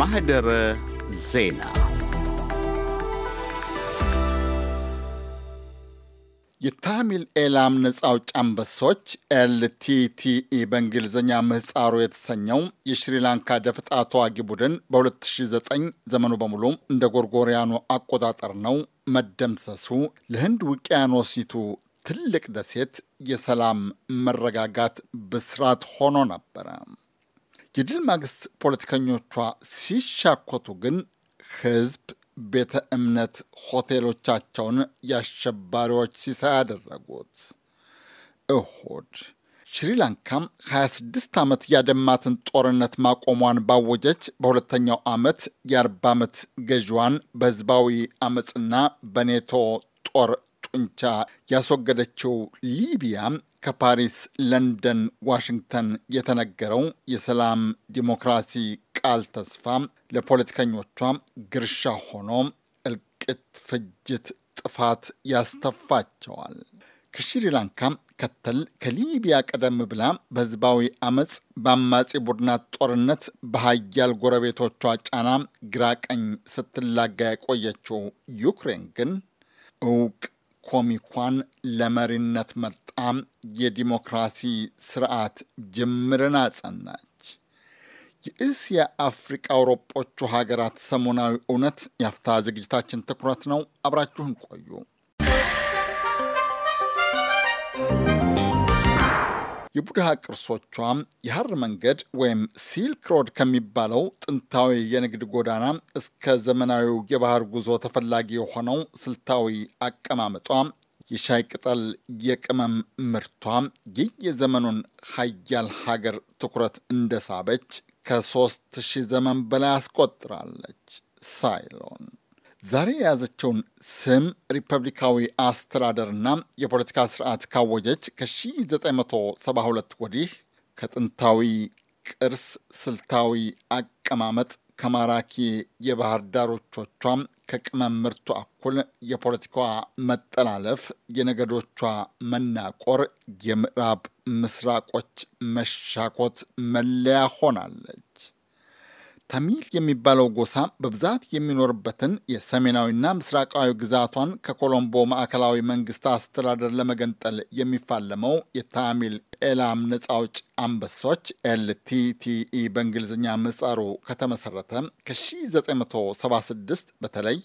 ማህደረ ዜና የታሚል ኤላም ነጻ አውጪ አንበሶች ኤልቲቲኢ በእንግሊዝኛ ምህፃሩ የተሰኘው የሽሪላንካ ደፍጣ ተዋጊ ቡድን በ2009 ዘመኑ በሙሉ እንደ ጎርጎሪያኑ አቆጣጠር ነው መደምሰሱ ለህንድ ውቅያኖሲቱ ትልቅ ደሴት የሰላም መረጋጋት ብስራት ሆኖ ነበረ። የድል ማግስት ፖለቲከኞቿ ሲሻኮቱ ግን ህዝብ ቤተ እምነት ሆቴሎቻቸውን የአሸባሪዎች ሲሳይ ያደረጉት። እሁድ ሽሪላንካም 26 ዓመት ያደማትን ጦርነት ማቆሟን ባወጀች በሁለተኛው ዓመት የ40 ዓመት ገዥዋን በህዝባዊ አመፅና በኔቶ ጦር ጡንቻ ያስወገደችው ሊቢያ ከፓሪስ፣ ለንደን፣ ዋሽንግተን የተነገረው የሰላም ዲሞክራሲ ቃል ተስፋ ለፖለቲከኞቿ ግርሻ ሆኖ እልቅት፣ ፍጅት፣ ጥፋት ያስተፋቸዋል። ከሽሪላንካ ከተል ከሊቢያ ቀደም ብላ በህዝባዊ አመፅ በአማጺ ቡድናት ጦርነት በሀያል ጎረቤቶቿ ጫና ግራ ቀኝ ስትላጋ የቆየችው ዩክሬን ግን እውቅ ኮሚኳን ለመሪነት መርጣም የዲሞክራሲ ስርዓት ጅምርን አጸናች። የእስያ አፍሪቃ አውሮጶቹ ሀገራት ሰሞናዊ እውነት የአፍታ ዝግጅታችን ትኩረት ነው። አብራችሁን ቆዩ። የቡድሃ ቅርሶቿ የሐር መንገድ ወይም ሲልክ ሮድ ከሚባለው ጥንታዊ የንግድ ጎዳና እስከ ዘመናዊው የባህር ጉዞ ተፈላጊ የሆነው ስልታዊ አቀማመጧ የሻይ ቅጠል የቅመም ምርቷ ይህ የዘመኑን ሀያል ሀገር ትኩረት እንደሳበች ከሶስት ሺህ ዘመን በላይ አስቆጥራለች። ሳይሎን ዛሬ የያዘችውን ስም ሪፐብሊካዊ አስተዳደርና የፖለቲካ ስርዓት ካወጀች ከ1972 ወዲህ ከጥንታዊ ቅርስ፣ ስልታዊ አቀማመጥ፣ ከማራኪ የባህር ዳሮቿ፣ ከቅመም ምርቷ እኩል የፖለቲካዋ መጠላለፍ፣ የነገዶቿ መናቆር፣ የምዕራብ ምስራቆች መሻኮት መለያ ሆናለች። ታሚል የሚባለው ጎሳ በብዛት የሚኖርበትን የሰሜናዊና ምስራቃዊ ግዛቷን ከኮሎምቦ ማዕከላዊ መንግስት አስተዳደር ለመገንጠል የሚፋለመው የታሚል ኤላም ነጻ አውጪ አንበሶች ኤልቲቲኢ በእንግሊዝኛ ምጻሩ ከተመሰረተ ከ1976 በተለይ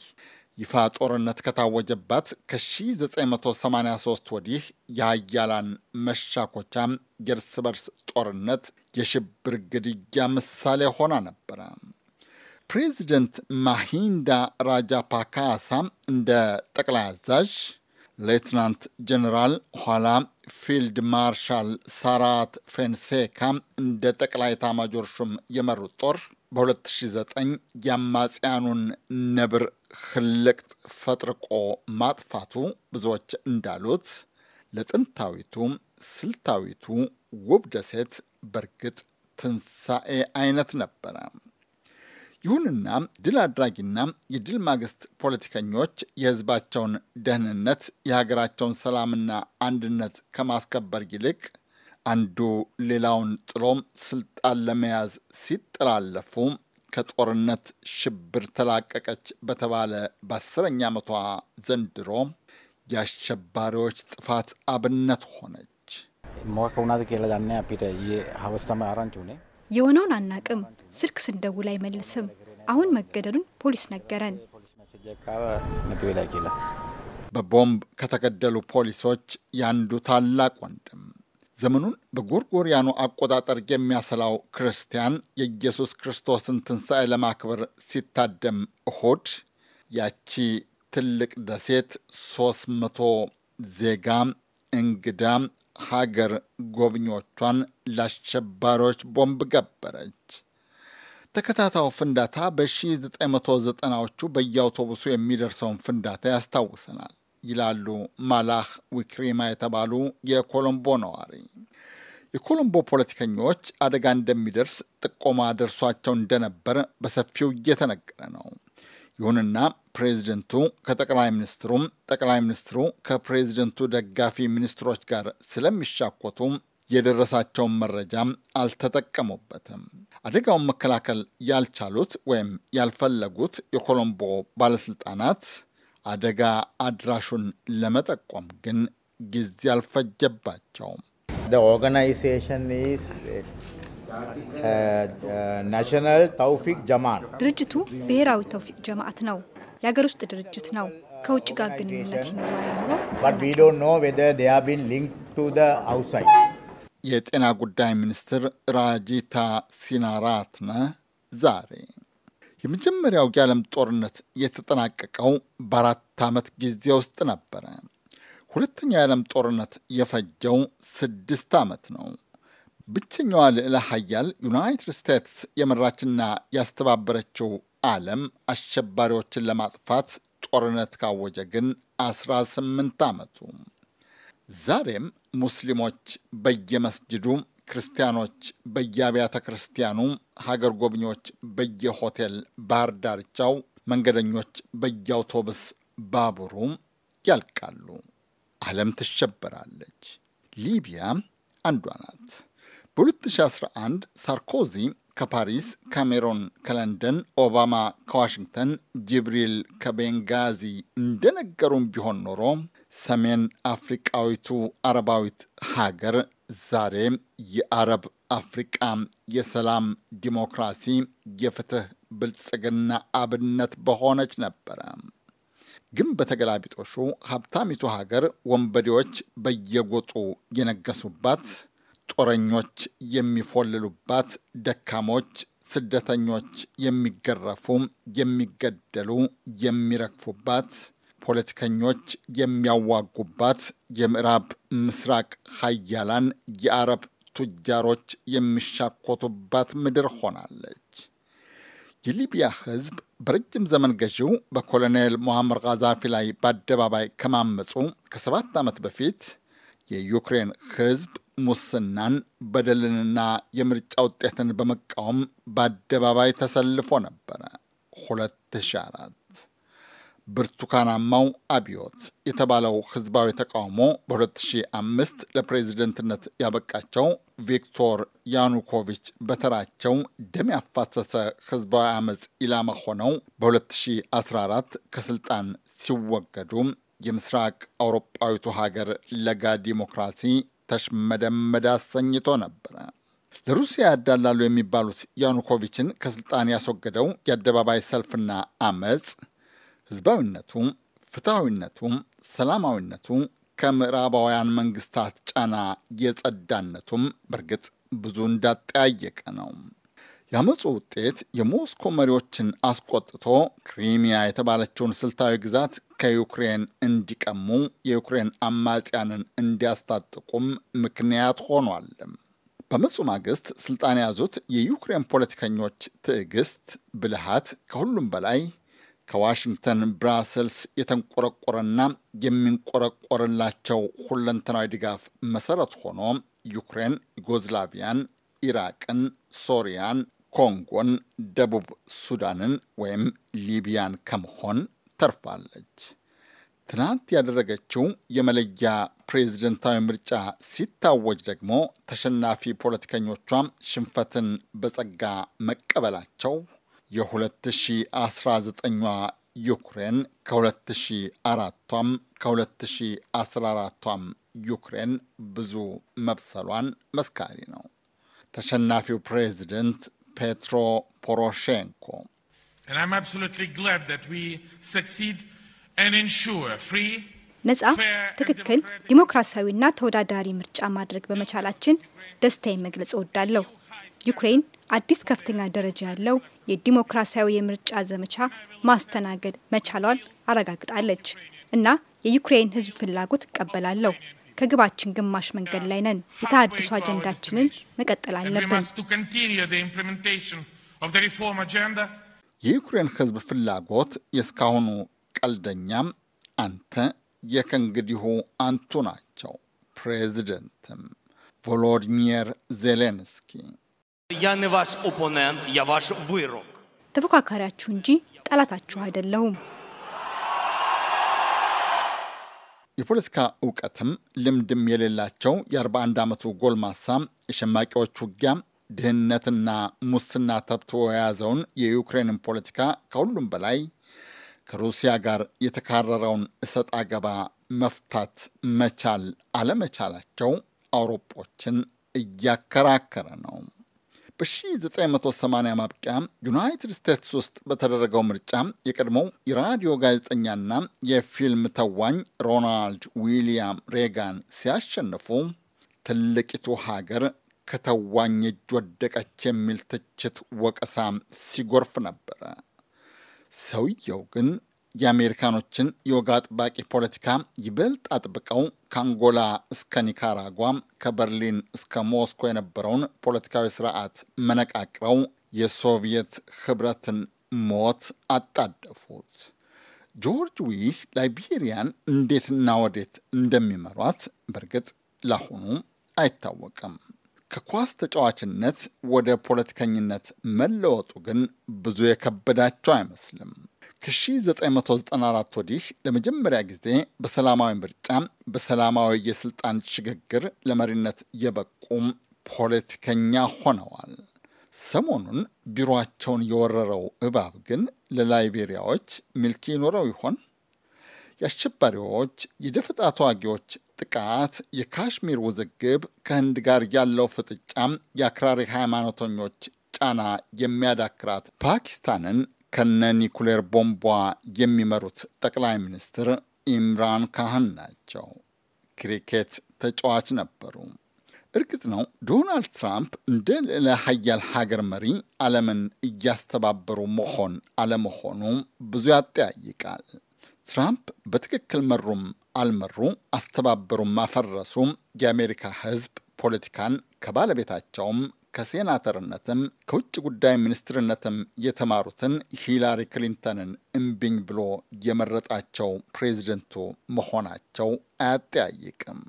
ይፋ ጦርነት ከታወጀባት ከ1983 ወዲህ የአያላን መሻኮቻ የእርስ በርስ ጦርነት የሽብር ግድያ ምሳሌ ሆና ነበረ። ፕሬዚደንት ማሂንዳ ራጃ ፓካሳ እንደ ጠቅላይ አዛዥ ሌትናንት ጀነራል ኋላ ፊልድ ማርሻል ሳራት ፌንሴካ እንደ ጠቅላይ ታማጆር ሹም የመሩት ጦር በ2009 የአማጽያኑን ነብር ህልቅት ፈጥርቆ ማጥፋቱ ብዙዎች እንዳሉት ለጥንታዊቱ ስልታዊቱ ውብ ደሴት በእርግጥ ትንሣኤ አይነት ነበረ። ይሁንና ድል አድራጊና የድል ማግስት ፖለቲከኞች የህዝባቸውን ደህንነት፣ የሀገራቸውን ሰላምና አንድነት ከማስከበር ይልቅ አንዱ ሌላውን ጥሎም ስልጣን ለመያዝ ሲጠላለፉ ከጦርነት ሽብር ተላቀቀች በተባለ በአስረኛ ዓመቷ ዘንድሮ የአሸባሪዎች ጥፋት አብነት ሆነች። ሞት ሆናት ዳነ አፒደ ሀወስ አራንች ሁኔ የሆነውን አናቅም። ስልክ ስንደውል አይመልስም። አሁን መገደሉን ፖሊስ ነገረን። በቦምብ ከተገደሉ ፖሊሶች ያንዱ ታላቅ ወንድም ዘመኑን በጎርጎሪያኑ አቆጣጠር የሚያሰላው ክርስቲያን የኢየሱስ ክርስቶስን ትንሣኤ ለማክበር ሲታደም እሁድ ያቺ ትልቅ ደሴት 300 ዜጋ እንግዳ ሀገር ጎብኚዎቿን ለአሸባሪዎች ቦምብ ገበረች። ተከታታዩ ፍንዳታ በ1990ዎቹ በየአውቶቡሱ የሚደርሰውን ፍንዳታ ያስታውሰናል ይላሉ ማላህ ዊክሪማ የተባሉ የኮሎምቦ ነዋሪ። የኮሎምቦ ፖለቲከኞች አደጋ እንደሚደርስ ጥቆማ ደርሷቸው እንደነበር በሰፊው እየተነገረ ነው። ይሁንና ፕሬዚደንቱ ከጠቅላይ ሚኒስትሩም ጠቅላይ ሚኒስትሩ ከፕሬዚደንቱ ደጋፊ ሚኒስትሮች ጋር ስለሚሻኮቱ የደረሳቸውን መረጃም አልተጠቀሙበትም። አደጋውን መከላከል ያልቻሉት ወይም ያልፈለጉት የኮሎምቦ ባለስልጣናት አደጋ አድራሹን ለመጠቆም ግን ጊዜ አልፈጀባቸውም። ናሽናል ተውፊቅ ጀማን ድርጅቱ ብሔራዊ ተውፊቅ ጀማዓት ነው። የሀገር ውስጥ ድርጅት ነው። ከውጭ ጋር ግንኙነት ይኖረው የጤና ጉዳይ ሚኒስትር ራጂታ ሲናራትነ ዛሬ የመጀመሪያው የዓለም ጦርነት የተጠናቀቀው በአራት ዓመት ጊዜ ውስጥ ነበረ። ሁለተኛው የዓለም ጦርነት የፈጀው ስድስት ዓመት ነው። ብቸኛዋ ልዕለ ሀያል ዩናይትድ ስቴትስ የመራችና ያስተባበረችው ዓለም አሸባሪዎችን ለማጥፋት ጦርነት ካወጀ ግን 18 ዓመቱ። ዛሬም ሙስሊሞች በየመስጅዱ፣ ክርስቲያኖች በየአብያተ ክርስቲያኑ፣ ሀገር ጎብኚዎች በየሆቴል ባህር ዳርቻው፣ መንገደኞች በየአውቶቡስ ባቡሩ ያልቃሉ። ዓለም ትሸበራለች። ሊቢያ አንዷ ናት። በ2011 ሳርኮዚ ከፓሪስ፣ ካሜሮን ከለንደን፣ ኦባማ ከዋሽንግተን፣ ጅብሪል ከቤንጋዚ እንደነገሩም ቢሆን ኖሮ ሰሜን አፍሪቃዊቱ አረባዊት ሀገር ዛሬ የአረብ አፍሪቃ የሰላም ዲሞክራሲ፣ የፍትህ ብልጽግና አብነት በሆነች ነበረ። ግን በተገላቢጦሹ ሀብታሚቱ ሀገር ወንበዴዎች በየጎጡ የነገሱባት ጦረኞች የሚፎልሉባት፣ ደካሞች ስደተኞች የሚገረፉ፣ የሚገደሉ፣ የሚረግፉባት፣ ፖለቲከኞች የሚያዋጉባት፣ የምዕራብ ምስራቅ ሀያላን የአረብ ቱጃሮች የሚሻኮቱባት ምድር ሆናለች። የሊቢያ ህዝብ በረጅም ዘመን ገዢው በኮሎኔል ሞሐመር ጋዛፊ ላይ በአደባባይ ከማመፁ ከሰባት ዓመት በፊት የዩክሬን ህዝብ። ሙስናን፣ በደልንና የምርጫ ውጤትን በመቃወም በአደባባይ ተሰልፎ ነበረ። 2004 ብርቱካናማው አብዮት የተባለው ህዝባዊ ተቃውሞ በ2005 ለፕሬዝደንትነት ያበቃቸው ቪክቶር ያኑኮቪች በተራቸው ደም ያፋሰሰ ህዝባዊ አመፅ ኢላማ ሆነው በ2014 ከስልጣን ሲወገዱ የምስራቅ አውሮጳዊቱ ሀገር ለጋ ዲሞክራሲ ተሽመደመደ አሰኝቶ ነበረ። ለሩሲያ ያዳላሉ የሚባሉት ያኑኮቪችን ከስልጣን ያስወገደው የአደባባይ ሰልፍና አመፅ ህዝባዊነቱ፣ ፍትሐዊነቱ፣ ሰላማዊነቱ ከምዕራባውያን መንግስታት ጫና የጸዳነቱም በእርግጥ ብዙ እንዳጠያየቀ ነው። የአመፁ ውጤት የሞስኮ መሪዎችን አስቆጥቶ ክሪሚያ የተባለችውን ስልታዊ ግዛት ከዩክሬን እንዲቀሙ የዩክሬን አማጽያንን እንዲያስታጥቁም ምክንያት ሆኗል። በአመፁ ማግስት ስልጣን የያዙት የዩክሬን ፖለቲከኞች ትዕግስት፣ ብልሃት ከሁሉም በላይ ከዋሽንግተን ብራሰልስ የተንቆረቆረና የሚንቆረቆርላቸው ሁለንተናዊ ድጋፍ መሰረት ሆኖ ዩክሬን ዩጎዝላቪያን፣ ኢራቅን፣ ሶሪያን፣ ኮንጎን፣ ደቡብ ሱዳንን ወይም ሊቢያን ከመሆን ተርፋለች። ትናንት ያደረገችው የመለያ ፕሬዝደንታዊ ምርጫ ሲታወጅ ደግሞ ተሸናፊ ፖለቲከኞቿ ሽንፈትን በጸጋ መቀበላቸው የ 2019 ዩክሬን ከ2004ቷም ከ2014ቷም ዩክሬን ብዙ መብሰሏን መስካሪ ነው። ተሸናፊው ፕሬዚደንት Petro Poroshenko. And I'm absolutely glad that we succeed and ensure free ነጻ፣ ትክክል፣ ዲሞክራሲያዊና ተወዳዳሪ ምርጫ ማድረግ በመቻላችን ደስታዬን መግለጽ እወዳለሁ። ዩክሬን አዲስ ከፍተኛ ደረጃ ያለው የዲሞክራሲያዊ የምርጫ ዘመቻ ማስተናገድ መቻሏን አረጋግጣለች እና የዩክሬን ሕዝብ ፍላጎት እቀበላለሁ። ከግባችን ግማሽ መንገድ ላይ ነን። የተሃድሶ አጀንዳችንን መቀጠል አለብን። የዩክሬን ሕዝብ ፍላጎት የእስካሁኑ ቀልደኛም አንተ የከእንግዲሁ አንቱ ናቸው። ፕሬዚደንትም ቮሎዲሚር ዜሌንስኪ ተፎካካሪያችሁ እንጂ ጠላታችሁ አይደለሁም። የፖለቲካ እውቀትም ልምድም የሌላቸው የ41 ዓመቱ ጎልማሳ የሸማቂዎች ውጊያ ድህነትና ሙስና ተብቶ የያዘውን የዩክሬንን ፖለቲካ ከሁሉም በላይ ከሩሲያ ጋር የተካረረውን እሰጥ አገባ መፍታት መቻል አለመቻላቸው አውሮፖችን እያከራከረ ነው። በ1980 ማብቂያ ዩናይትድ ስቴትስ ውስጥ በተደረገው ምርጫ የቀድሞው የራዲዮ ጋዜጠኛና የፊልም ተዋኝ ሮናልድ ዊሊያም ሬጋን ሲያሸንፉ ትልቂቱ ሀገር ከተዋኝ እጅ ወደቀች የሚል ትችት ወቀሳም ሲጎርፍ ነበረ። ሰውየው ግን የአሜሪካኖችን የወግ አጥባቂ ፖለቲካ ይበልጥ አጥብቀው ከአንጎላ እስከ ኒካራጓ ከበርሊን እስከ ሞስኮ የነበረውን ፖለቲካዊ ስርዓት መነቃቅረው የሶቪየት ህብረትን ሞት አጣደፉት። ጆርጅ ዊህ ላይቤሪያን እንዴትና ወዴት እንደሚመሯት በእርግጥ ላሁኑ አይታወቅም። ከኳስ ተጫዋችነት ወደ ፖለቲከኝነት መለወጡ ግን ብዙ የከበዳቸው አይመስልም። ከ1994 ወዲህ ለመጀመሪያ ጊዜ በሰላማዊ ምርጫ በሰላማዊ የስልጣን ሽግግር ለመሪነት የበቁም ፖለቲከኛ ሆነዋል። ሰሞኑን ቢሮአቸውን የወረረው እባብ ግን ለላይቤሪያዎች ሚልክ ይኖረው ይሆን? የአሸባሪዎች የደፈጣ ተዋጊዎች ጥቃት፣ የካሽሚር ውዝግብ፣ ከህንድ ጋር ያለው ፍጥጫም፣ የአክራሪ ሃይማኖተኞች ጫና የሚያዳክራት ፓኪስታንን ከነ ኒኩሌር ቦምቧ የሚመሩት ጠቅላይ ሚኒስትር ኢምራን ካህን ናቸው። ክሪኬት ተጫዋች ነበሩ። እርግጥ ነው ዶናልድ ትራምፕ እንደ ልዕለ ሀያል ሀገር መሪ ዓለምን እያስተባበሩ መሆን አለመሆኑ ብዙ ያጠያይቃል። ትራምፕ በትክክል መሩም አልመሩ፣ አስተባበሩም አፈረሱም የአሜሪካ ሕዝብ ፖለቲካን ከባለቤታቸውም ከሴናተርነትም ከውጭ ጉዳይ ሚኒስትርነትም የተማሩትን ሂላሪ ክሊንተንን እምቢኝ ብሎ የመረጣቸው ፕሬዚደንቱ መሆናቸው አያጠያይቅም።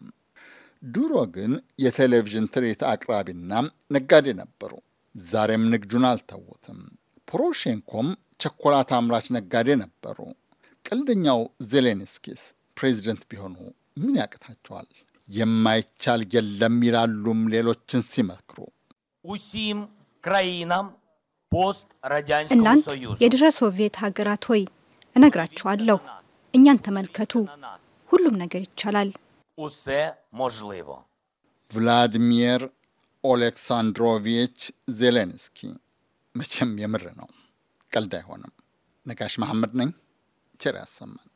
ድሮ ግን የቴሌቪዥን ትርኢት አቅራቢና ነጋዴ ነበሩ። ዛሬም ንግዱን አልተዉትም። ፖሮሼንኮም ቸኮላት አምራች ነጋዴ ነበሩ። ቀልደኛው ዜሌንስኪስ ፕሬዚደንት ቢሆኑ ምን ያቅታቸዋል? የማይቻል የለም ይላሉም ሌሎችን ሲመክሩ усім країнам እናንት የድረ ሶቪየት ሀገራት ሆይ እነግራችኋለሁ፣ እኛን ተመልከቱ፣ ሁሉም ነገር ይቻላል። ቭላዲሚር ኦሌክሳንድሮቪች ዜሌንስኪ። መቼም የምር ነው፣ ቀልድ አይሆንም። ነጋሽ መሐመድ ነኝ። ቸር ያሰማን።